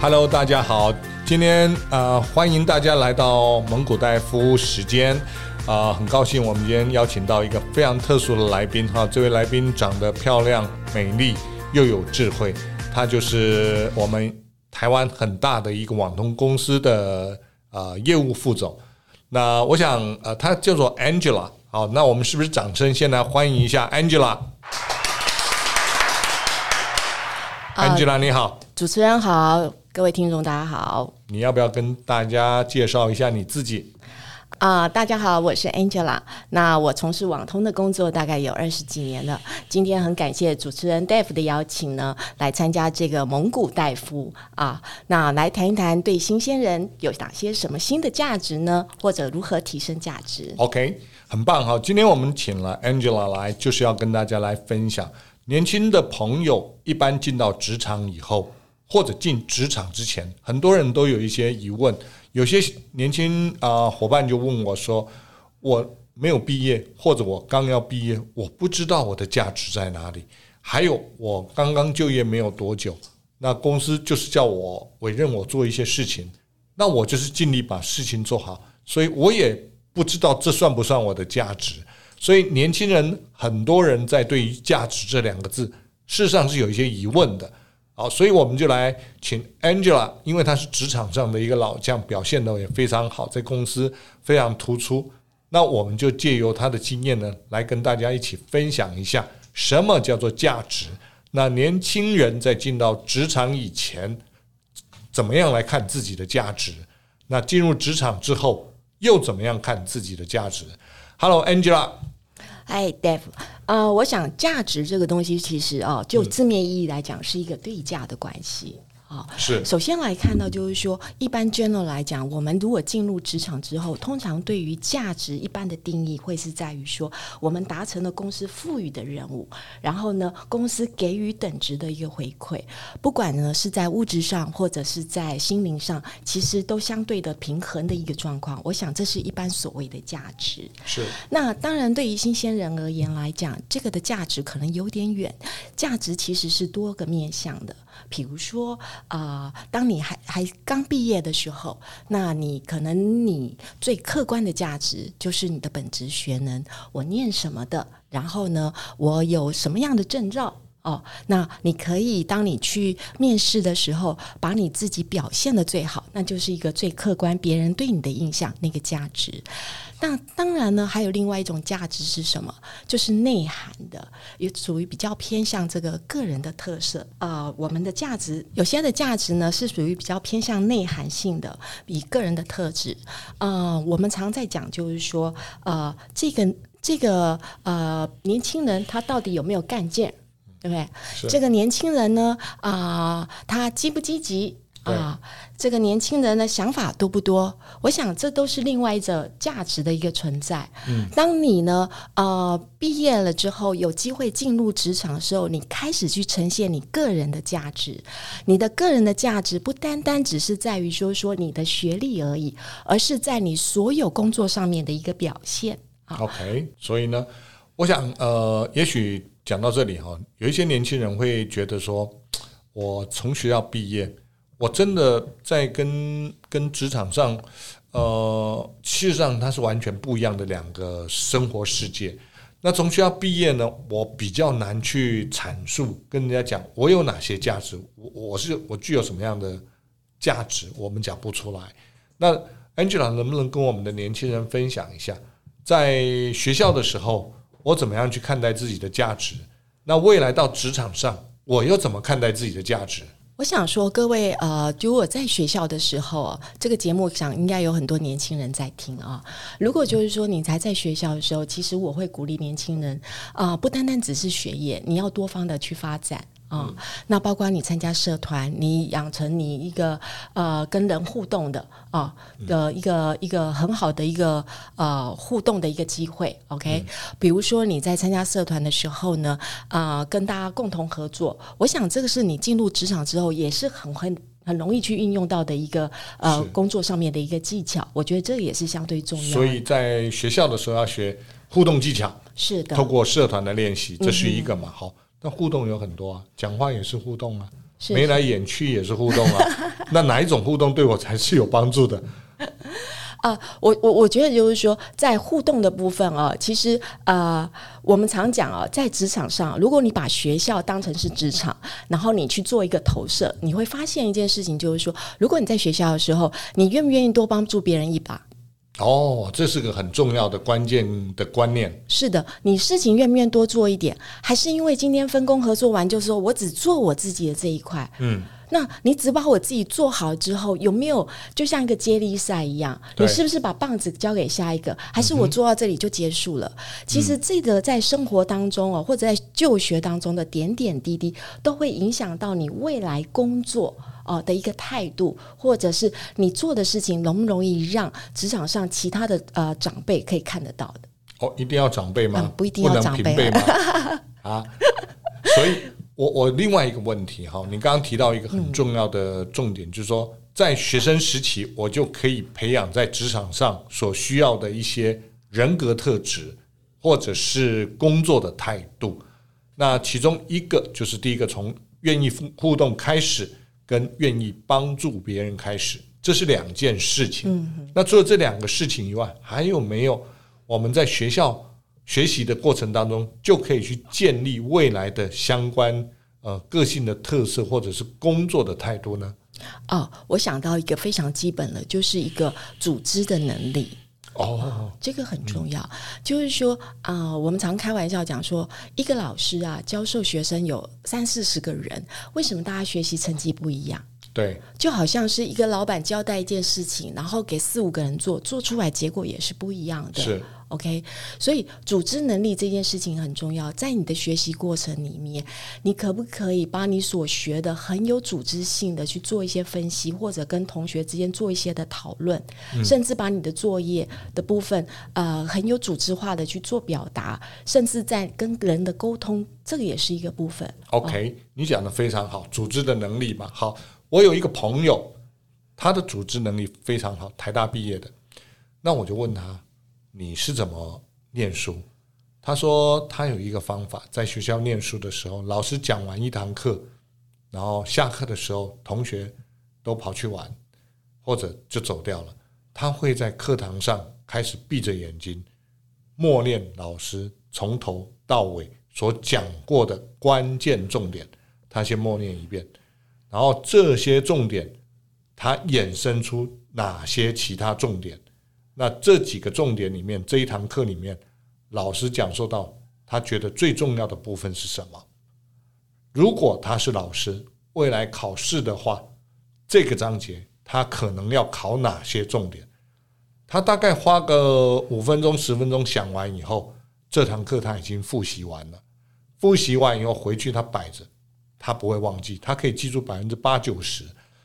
Hello，大家好！今天呃，歡迎大家來到萌骨戴夫時間。啊、呃，很高興我們今天邀請到一個非常特殊的來賓哈。這位來賓長得漂亮、美麗又有智慧，她就是我們台灣很大的一個網通公司的呃業務副總。那我想呃，她叫做 Angela。好，那我們是不是掌聲先來歡迎一下 Angela？Angela、uh, Angela, 你好，主持人好。各位聽眾，大家好。你要不要跟大家介紹一下你自己？啊、uh,，大家好，我是 Angela。那我從事網通的工作大概有二十幾年了。今天很感謝主持人 d 夫的邀請呢，來參加這個蒙古大夫啊。Uh, 那來談一談對新鮮人有哪些什麼新的價值呢？或者如何提升價值？OK，很棒哈。今天我們請了 Angela 來，就是要跟大家來分享年輕的朋友一般進到職場以後。或者進職場之前，很多人都有一些疑問。有些年輕啊，呃，夥伴就問我說：“我沒有畢業，或者我剛要畢業，我不知道我的價值在哪裡。還有我剛剛就業沒有多久，那公司就是叫我委任我做一些事情，那我就是盡力把事情做好，所以我也不知道這算不算我的價值。所以年輕人很多人在對於價值這兩個字，事實上是有一些疑問的。”好，所以我們就來請 Angela，因為她是職場上的一個老將，表現得也非常好，在公司非常突出。那我們就借由她的經驗呢，來跟大家一起分享一下什麼叫做價值。那年輕人在進到職場以前，怎麼樣來看自己的價值？那進入職場之後，又怎麼樣看自己的價值？Hello，Angela。Hi，Dave。啊、呃，我想價值這個東西，其實啊、哦，就字面意義來講，是一個對價的關係。嗯。啊，是。首先來看到，就是說，一般 general 來講，我們如果進入職場之後，通常對於價值一般的定義，會是在於說，我們達成了公司賦予的任務，然後呢，公司給予等值的一個回饋，不管呢是在物質上，或者是在心靈上，其實都相對的平衡的一個狀況。我想，這是一般所謂的價值。是。那當然，對於新鮮人而言來講，這個的價值可能有點遠。價值其實是多個面向的，比如說。啊、呃，當你還還剛畢業的時候，那你可能你最客觀的價值就是你的本職學能，我念什麼的，然後呢，我有什麼樣的證照哦，那你可以當你去面試的時候，把你自己表現得最好，那就是一個最客觀別人對你的印象那個價值。那當然呢，還有另外一種價值是什麼？就是內涵的，也屬於比較偏向這個個人的特色。呃，我們的價值有些的價值呢，是屬於比較偏向內涵性的，以個人的特質。呃，我們常在講，就是說，呃，這個這個呃年輕人他到底有沒有幹勁，對不對？這個年輕人呢，啊、呃，他積不積極？啊，這個年輕人的想法多不多？我想這都是另外一種價值的一個存在。嗯，當你呢，呃，畢業了之後，有機會進入職場的時候，你開始去呈現你個人的價值。你的個人的價值不單單只是在於說說你的學歷而已，而是在你所有工作上面的一個表現。啊，OK，所以呢，我想呃，也許講到這裡哈，有一些年輕人會覺得說，我從學校畢業。我真的在跟跟職場上，呃，事實上它是完全不一樣的兩個生活世界。那從學校畢業呢，我比較難去闡述跟人家講我有哪些價值，我我是我具有什麼樣的價值，我們講不出來。那 Angela 能不能跟我們的年輕人分享一下，在學校的時候我怎麼樣去看待自己的價值？那未來到職場上，我又怎麼看待自己的價值？我想說，各位，呃，如果我在學校的時候，這個節目想應該有很多年輕人在聽啊。如果就是說你才在學校的時候，其實我會鼓勵年輕人，啊，不單單只是學業，你要多方的去發展。嗯、哦，那包括你參加社團，你養成你一個呃跟人互動的啊的，呃嗯、一個一個很好的一個呃互動的一個機會。OK，嗯、比如說你在參加社團的時候呢，啊、呃、跟大家共同合作，我想這個是你進入職場之後也是很很很容易去運用到的一個呃工作上面的一個技巧。我覺得這也是相對重要。所以在學校的時候要學互動技巧。是的，透過社團的練習，這是一個嘛？嗯、好。那互動有很多啊，講話也是互動啊，眉來眼去也是互動啊。是是，那哪一種互動對我才是有幫助的？啊、 呃，我我我覺得就是說，在互動的部分啊，其實啊、呃，我們常講啊，在職場上，如果你把學校當成是職場，然後你去做一個投射，你會發現一件事情，就是說，如果你在學校的時候，你願不願意多幫助別人一把？哦，這是個很重要的關鍵的觀念。是的，你事情願不願意多做一點，還是因為今天分工合作完就是說我只做我自己的這一塊？嗯，那你只把我自己做好之後，有沒有就像一個接力賽一樣？你是不是把棒子交給下一個？還是我做到這裡就結束了？其實這個在生活當中哦，或者在就學當中的點點滴滴，都會影響到你未來工作。哦，的一個態度，或者是你做的事情容不容易讓職場上其他的呃長輩可以看得到的？哦，一定要長輩嗎？嗯、不一定要長輩，能輩嗎？ 啊，所以我，我我另外一個問題哈，你剛剛提到一個很重要的重點，就是說，在學生時期，我就可以培養在職場上所需要的一些人格特質，或者是工作的態度。那其中一個就是第一個，從願意互動開始。跟願意幫助別人開始，這是兩件事情。嗯。那除了這兩個事情以外，還有沒有我們在學校學習的過程當中，就可以去建立未來的相關呃個性的特色，或者是工作的態度呢？哦，我想到一個非常基本的，就是一個組織的能力。哦、oh，這個很重要，就是說啊、嗯呃，我們常開玩笑講說，一個老師啊，教授學生有三四十個人，為什麼大家學習成績不一樣？對、oh，就好像是一個老板交代一件事情，然後給四五個人做，做出來結果也是不一樣的。是。OK，所以組織能力這件事情很重要，在你的學習過程裡面，你可不可以把你所學的很有組織性的去做一些分析，或者跟同學之間做一些的討論，嗯，甚至把你的作業的部分，呃，很有組織化的去做表達，甚至在跟人的溝通，這個也是一個部分。OK，哦，你講的非常好，組織的能力嘛。好，我有一個朋友，他的組織能力非常好，台大畢業的，那我就問他。你是怎麼念書？他說他有一個方法，在學校念書的時候，老師講完一堂課，然後下課的時候，同學都跑去玩，或者就走掉了。他會在課堂上開始閉着眼睛默念老師從頭到尾所講過的關鍵重點，他先默念一遍，然後這些重點，他衍生出哪些其他重點？那這幾個重點裡面，這一堂課裡面，老師講述到他覺得最重要的部分是什麼？如果他是老師，未來考試的話，這個章節他可能要考哪些重點？他大概花個五分鐘、十分鐘想完以後，這堂課他已經複習完了。複習完以後回去他擺着，他不會忘記，他可以記住百分之八九十。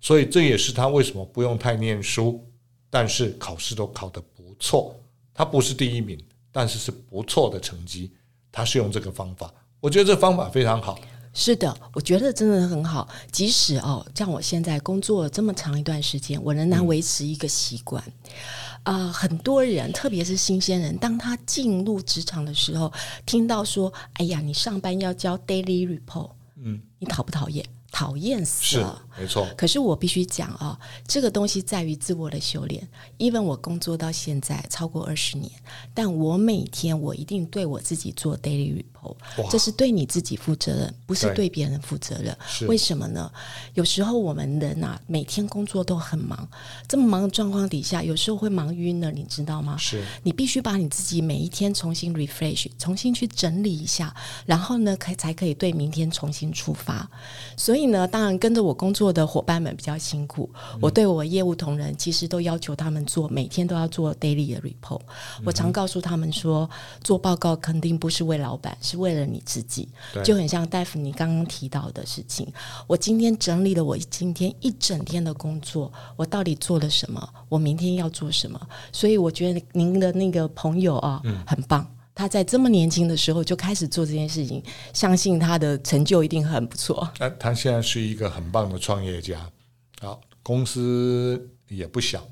所以這也是他為什麼不用太念書。但是考試都考得不錯，他不是第一名，但是是不錯的成績。他是用這個方法，我覺得這方法非常好。是的，我覺得真的很好。即使哦，像我現在工作了這麼長一段時間，我仍然維持一個習慣。啊，很多人，特別是新鮮人，當他進入職場的時候，聽到說：“哎呀，你上班要交 daily report。”嗯，你討不討厭？討厭死了，沒錯。可是我必須講啊，這個東西在於自我的修煉，因為我工作到現在超過二十年，但我每天我一定對我自己做 daily report，這是對你自己負責任，不是對別人負責任。為什麼呢？有時候我們人吶、啊，每天工作都很忙，這麼忙的狀況底下，有時候會忙暈了，你知道嗎？是你必須把你自己每一天重新 refresh，重新去整理一下，然後呢，可以才可以對明天重新出發。所以。呢，當然跟着我工作的夥伴們比較辛苦。嗯。我對我業務同仁其實都要求他們做，每天都要做 daily 的 report。嗯嗯。我常告訴他們說，做報告肯定不是為老闆，是為了你自己。就很像戴夫你剛剛提到的事情，我今天整理了我今天一整天的工作，我到底做了什麼，我明天要做什麼。所以我覺得您的那個朋友啊，嗯。很棒。他在這麼年輕的時候就開始做這件事情，相信他的成就一定很不錯。那他現在是一個很棒的創業家，好，公司也不小，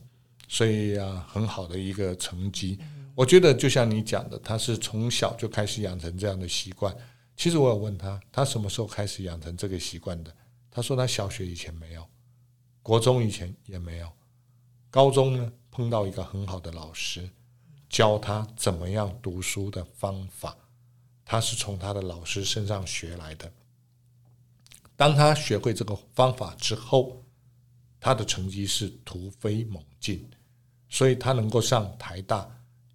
所以啊，很好的一個成績。我覺得就像你講的，他是從小就開始養成這樣的習慣。其實我有問他，他什麼時候開始養成這個習慣的？他說他小學以前沒有，國中以前也沒有，高中呢，碰到一個很好的老師。教他怎麼樣讀書的方法，他是從他的老師身上學來的。當他學會這個方法之後，他的成績是突飛猛進，所以他能夠上台大，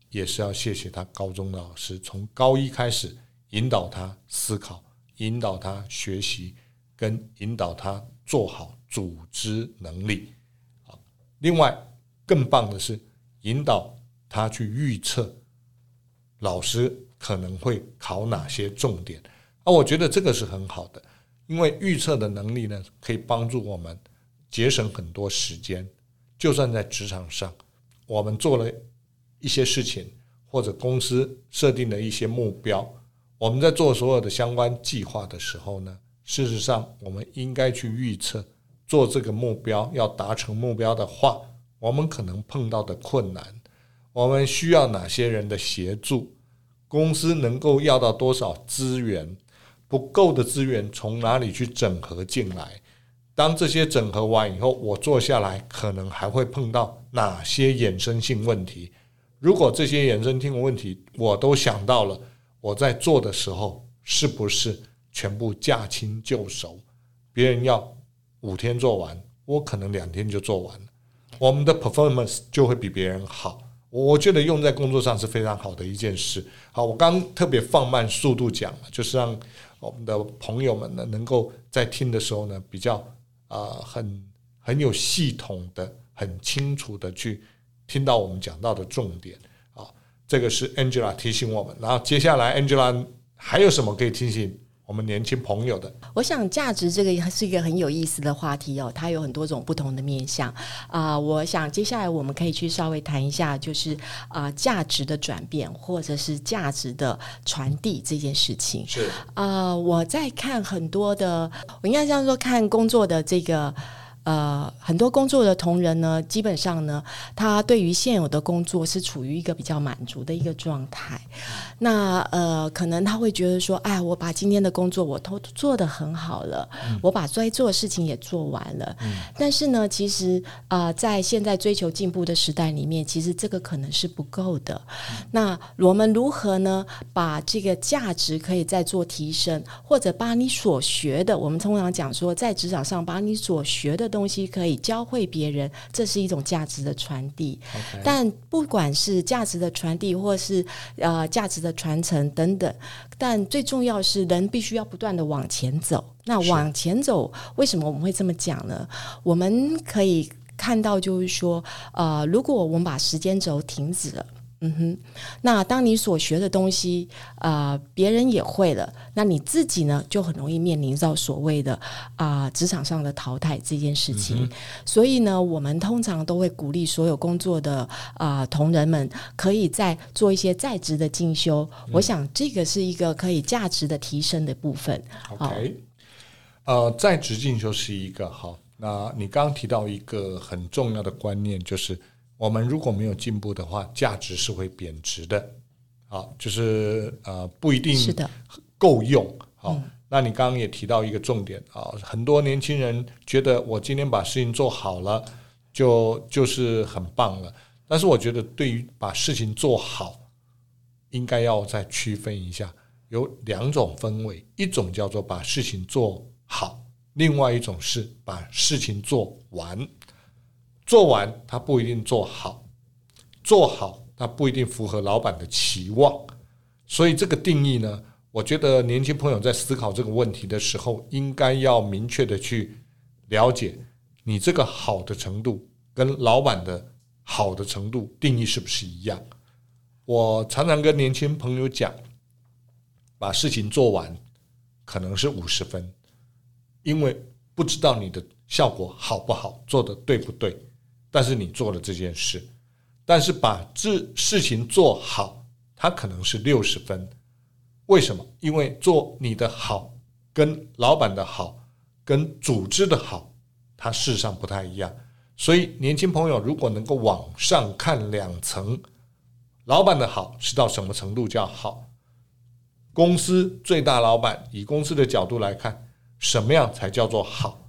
也是要謝謝他高中的老師從高一開始引導他思考，引導他學習，跟引導他做好組織能力。好，另外更棒的是引導。他去預測老師可能會考哪些重點啊？我覺得這個是很好的，因為預測的能力呢，可以幫助我們節省很多時間。就算在職場上，我們做了一些事情，或者公司設定了一些目標，我們在做所有的相關計劃的時候呢，事實上，我們應該去預測，做這個目標要達成目標的話，我們可能碰到的困難。我們需要哪些人的協助？公司能夠要到多少資源？不夠的資源從哪裡去整合進來？當這些整合完以後，我做下來可能還會碰到哪些衍生性問題？如果這些衍生性問題我都想到了，我在做的時候是不是全部駕輕就熟？別人要五天做完，我可能兩天就做完。我們的 performance 就會比別人好。我覺得用在工作上是非常好的一件事。好，我剛特別放慢速度講，就是讓我們的朋友們呢能夠在聽的時候呢，比較啊、呃、很很有系統的、很清楚的去聽到我們講到的重點。啊，這個是 Angela 提醒我們，然後接下來 Angela 還有什麼可以提醒？我們年輕朋友的，我想價值這個是一個很有意思的話題哦，它有很多種不同的面向啊、呃。我想接下來我們可以去稍微談一下，就是啊價、呃、值的轉變或者是價值的傳遞這件事情。是啊、呃，我在看很多的，我應該這樣說，看工作的這個。呃，很多工作的同仁呢，基本上呢，他對於現有的工作是處於一個比較滿足的一個狀態。那呃，可能他會覺得說，哎，我把今天的工作我都做得很好了，嗯、我把該做，做的事情也做完了。嗯、但是呢，其實啊、呃，在現在追求進步的時代裡面，其實這個可能是不夠的、嗯。那我們如何呢？把這個價值可以再做提升，或者把你所學的，我們通常講說，在職場上把你所學的東東西可以教會別人，這是一種價值的傳遞。Okay. 但不管是價值的傳遞，或是呃價值的傳承等等，但最重要是人必須要不斷的往前走。那往前走，是。為什麼我們會這麼講呢？我們可以看到，就是說，呃，如果我們把時間軸停止了。嗯哼，那當你所學的東西啊，呃、別人也會了，那你自己呢，就很容易面臨到所謂的啊呃、職場上的淘汰這件事情。嗯、所以呢，我們通常都會鼓勵所有工作的啊、呃、同仁們，可以在做一些在職的進修、嗯。我想這個是一個可以價值的提升的部分。ok，呃，在職進修是一個好。那你剛剛提到一個很重要的觀念，就是。我們如果沒有進步的話，價值是會貶值的。好，就是呃不一定夠用。好，嗯、那你剛剛也提到一個重點啊，很多年輕人覺得我今天把事情做好了，就就是很棒了。但是我覺得對於把事情做好，應該要再區分一下，有兩種氛圍，一種叫做把事情做好，另外一種是把事情做完。做完，他不一定做好；做好，他不一定符合老闆的期望。所以，這個定義呢，我覺得年輕朋友在思考這個問題的時候，應該要明確的去了解你這個好的程度跟老闆的好的程度定義是不是一樣。我常常跟年輕朋友講，把事情做完可能是五十分，因為不知道你的效果好不好，做得對不對。但是你做了這件事，但是把這事情做好，它可能是六十分。為什麼？因為做你的好，跟老闆的好，跟組織的好，它事實上不太一樣。所以，年輕朋友如果能夠往上看兩層，老闆的好是到什麼程度叫好？公司最大老闆，以公司的角度來看，什麼樣才叫做好？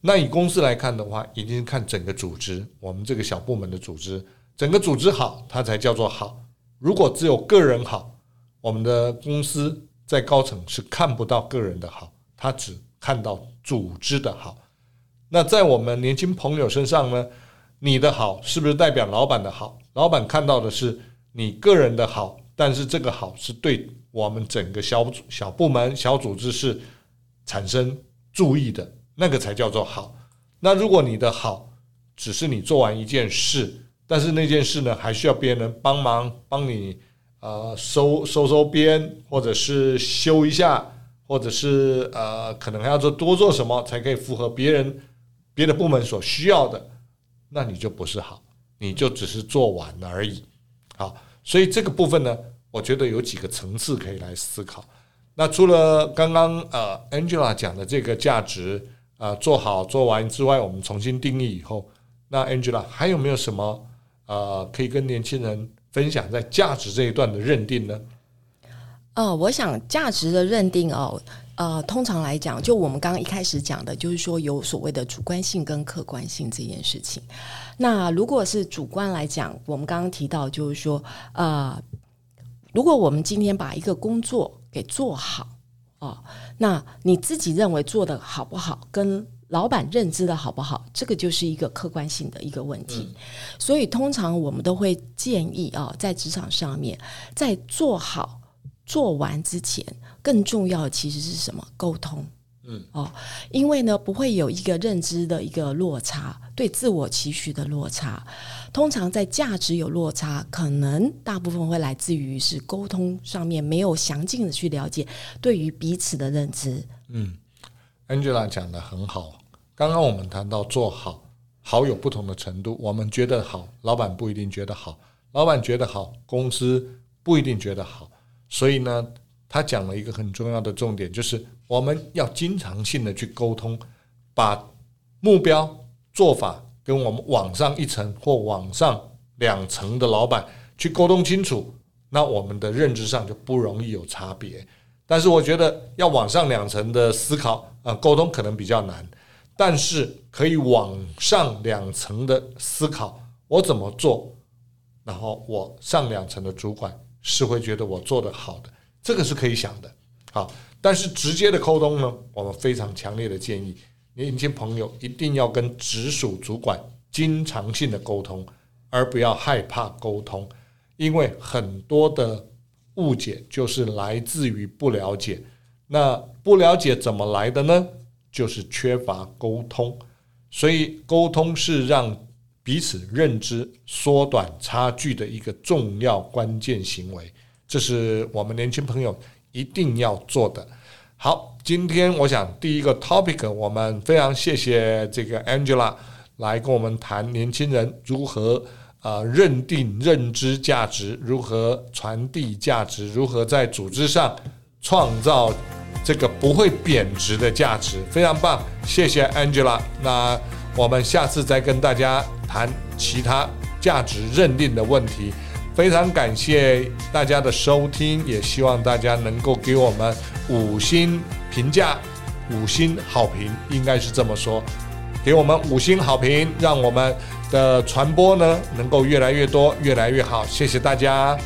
那以公司來看的話，一定看整個組織。我們這個小部門的組織，整個組織好，它才叫做好。如果只有個人好，我們的公司在高層是看不到個人的好，他只看到組織的好。那在我們年輕朋友身上呢？你的好是不是代表老闆的好？老闆看到的是你個人的好，但是這個好是對我們整個小組、小部門、小組織是產生注意的。那個才叫做好。那如果你的好只是你做完一件事，但是那件事呢，還需要別人幫忙幫你呃收收收編，或者是修一下，或者是呃可能還要做多做什麼才可以符合別人別的部門所需要的，那你就不是好，你就只是做完了而已。好，所以這個部分呢，我覺得有幾個層次可以來思考。那除了剛剛呃 Angela 講的這個價值。啊、呃，做好做完之外，我們重新定義以後，那 Angela 還有沒有什麼呃可以跟年輕人分享在價值這一段的認定呢？哦、呃，我想價值的認定哦，呃，通常來講，就我們剛剛一開始講的，就是說有所謂的主觀性跟客觀性這件事情。那如果是主觀來講，我們剛剛提到就是說，呃，如果我們今天把一個工作給做好，啊、哦。那你自己認為做得好不好，跟老闆認知的好不好，這個就是一個客觀性的一個問題。嗯。所以通常我們都會建議啊，在職場上面，在做好做完之前，更重要的其實是什麼？溝通。嗯，哦，因為呢，不會有一個認知的一個落差，對自我期許的落差，通常在價值有落差，可能大部分會來自於是溝通上面沒有詳盡的去了解對於彼此的認知。嗯，Angela 講得很好，剛剛我們談到做好好有不同的程度，我們覺得好，老闆不一定覺得好，老闆覺得好，公司不一定覺得好，所以呢。他講了一個很重要的重點，就是我們要經常性的去溝通，把目標做法跟我們往上一層或往上兩層的老板去溝通清楚，那我們的認知上就不容易有差別。但是我覺得要往上兩層的思考，呃，溝通可能比較難，但是可以往上兩層的思考，我怎麼做，然後我上兩層的主管是會覺得我做得好的。這個是可以想的，好，但是直接的溝通呢，我們非常強烈的建議年輕朋友一定要跟直屬主管經常性的溝通，而不要害怕溝通，因為很多的誤解就是來自於不了解。那不了解怎麼來的呢？就是缺乏溝通，所以溝通是讓彼此認知縮短差距的一個重要關鍵行為。這是我們年輕朋友一定要做的。好，今天我想第一個 topic，我們非常謝謝這個 Angela 來跟我們談年輕人如何啊認定、認知價值，如何傳遞價值，如何在組織上創造這個不會貶值的價值，非常棒，謝謝 Angela。那我們下次再跟大家談其他價值認定的問題。非常感謝大家的收聽，也希望大家能夠給我們五星評價、五星好評，應該是這麼說，給我們五星好評，讓我們的傳播呢能夠越來越多、越來越好。謝謝大家。